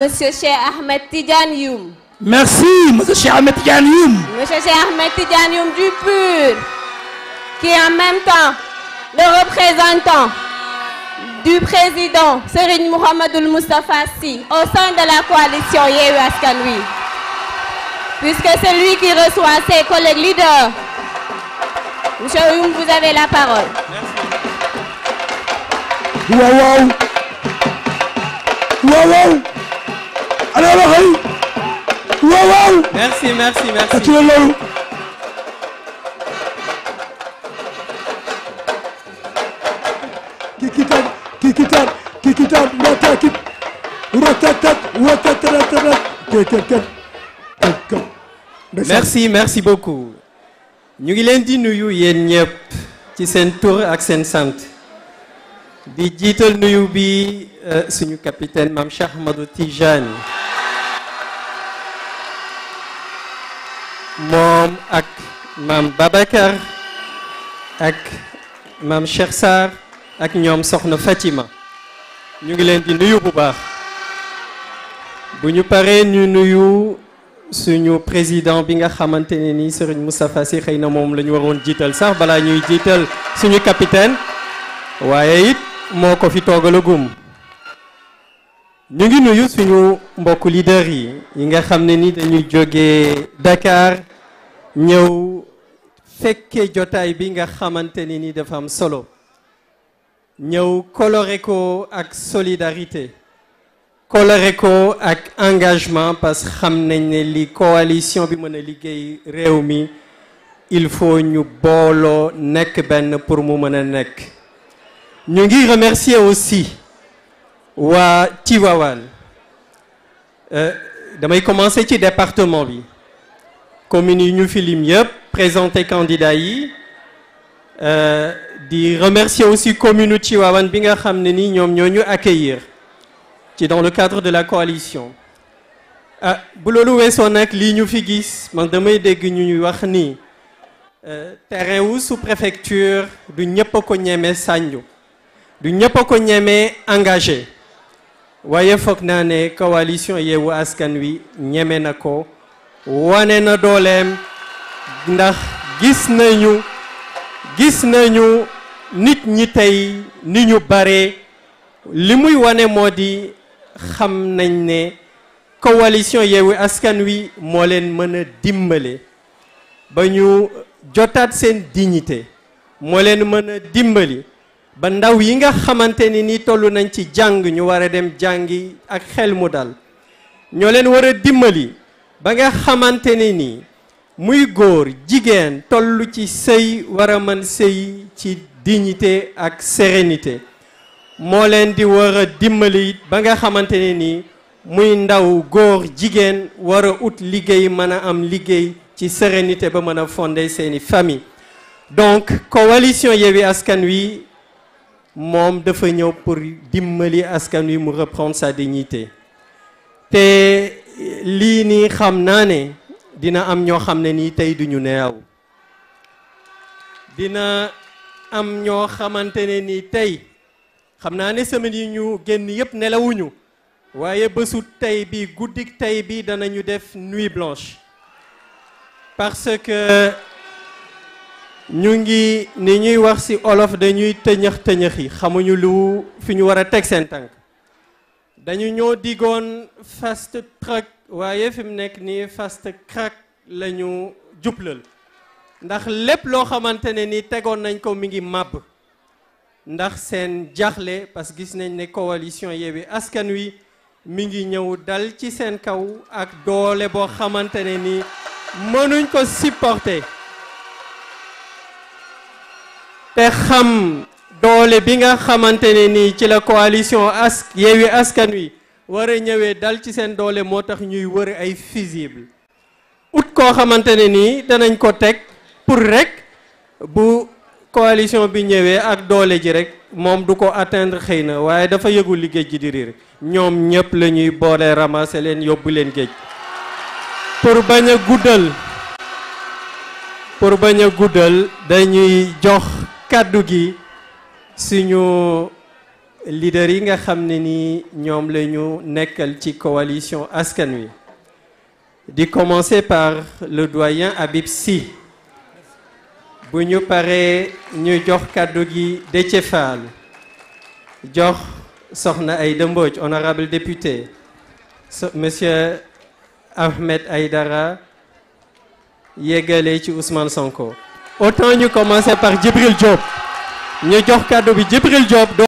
Monsieur Cheikh Ahmed Tidiane Youm. Monsieur Cheikh Ahmed Tidiane Youm. du PUR, qui est en même temps le représentant du président Serigne Mouhamadoul Moustapha Sy au sein de la coalition Yewwi Askan Wi. Puisque c'est lui qui reçoit ses collègues leaders. Monsieur Youm, vous avez la parole. ana waxay waaw waaw merci merci merci ak la loolu kikitan kikitan kikitan ratakit ratatat watatatatat kekeket kekket merci merci beaucoup ñu ngi leen di nuyu yéen ñëpp ci seen tur ak seen sant di jiital nuyu bi euh, suñu capitaine Mame Cheikh Ahmadou Tidiane moom ak maam Babacar ak maam Cheikh Sarr ak ñoom soxna Fatima ñu ngi leen di nuyu bu baax bu ñu paree ñu nuyu suñu président bi nga xamante ne ni Serigne Moustapha si xëy na moom la ñu waroon jiital sax balaa ñuy jiital suñu capitaine waaye it moo ko fi toogalagum ñu ngi nuyu suñu mbokk leader yi yi nga xam ne ni dañuy jógee Dakar ñëw fekke jotaay bi nga xamante ni ni dafa am solo ñëw coloré ko ak solidarité coloré ko ak engagement parce que xam nañ ne li coalition bi mën a liggéey réew mi il faut ñu booloo nekk benn pour mu mën a nekk ñu ngi remercier aussi waa Tivaouane euh, damay commencer ci département bi communes yi ñu fi lim yëpp présenté candidat yi euh, di remercier aussi commune u Tivaouane bi nga xam ne ni ñoom ñoo ñu accueillir ci dans le cadre de la coalition ah, bu loolu weesoo nag lii ñu fi gis man damay dégg ñu ñuy wax ni euh, terrain wu sous-préfecture du ñëpp a ko ñeme sànju du ñëpp a ko ñeme engagé waaye foog naa ne coalition Yewwi Askan Wi ñeme na ko wane na dooleem ndax gis nañu gis nañu nit ñi tey ni ñu bare li muy wane moo di xam nañ ne coalition Yewwi Askan Wi moo leen mën a dimbale ba ñu jotaat seen dignité moo leen mën a dimbali ba ndaw yi nga xamante ni ni toll nañ ci jàng ñu war a dem jàngi ak xel mu dal ñoo leen war a dimbali ba nga xamante ne ni muy góor jigéen toll ci sëy wara a mën sëy ci dignité ak sérénité moo leen di war dimbali ba nga xamante ne ni muy ndaw góor jigéen wara a ut liggéey mën a am liggéey ci sérénité ba mëna a seeni famille donc coalition Yewwi Askan Wi moom dafa ñëw pour dimbali askan wi mu reprendre sa dignité te lii nii xam naa ne dina am ñoo xam ne nii tey duñu neew dina am ñoo xamante ne nii tey xam naa ne semaine yi ñu génn yépp nelawuñu waaye bésu tey bi guddik tey bi ñu def nuit blanche parce que ñu ngi ne ñuy wax ci olof dañuy tëñëx tëñëx yi xamuñu lu fi ñu war a teg seen tànk dañu ñoo digoon fast track waaye fi mu nekk nii faste crack lañu ñu jublal ndax lépp loo xamante ne ni tegoon nañ ko mi ngi màbb ndax seen jaaxle parce que gis nañ ne coalition Yewwi Askan Wi mi ngi ñëw dal ci seen kaw ak doole boo xamante ne ni mënuñ ko supporter te xam doole bi nga xamante ne nii ci la coalition as Yewwi Askan Wi war ñëwee dal ci seen doole moo tax ñuy wër ay fusible ut koo xamante ne nii danañ ko teg pour rekk bu coalition bi ñëwee ak doole ji rek moom du ko atteindre xëy na waaye dafa yëgul liggéey ji di riir ñoom ñëpp lañuy boole ramasser leen yóbbu leen géej pour bañ a guddal pour bañ a guddal dañuy jox kàddu gi suñu leader yi nga xam ne ni ñoom la ñu nekkal ci coalition askan wi di commencer par le doyen Habib si bu ñu paree ñu jox kàddu gi Déthié Fall jox soxna ay Mbodj honorable député monsieur Ahmed dara yeggale ci Ousmane Sonko autant ñu commencer par Djibril Diop ñu jox kàddu bi Jibril Diop.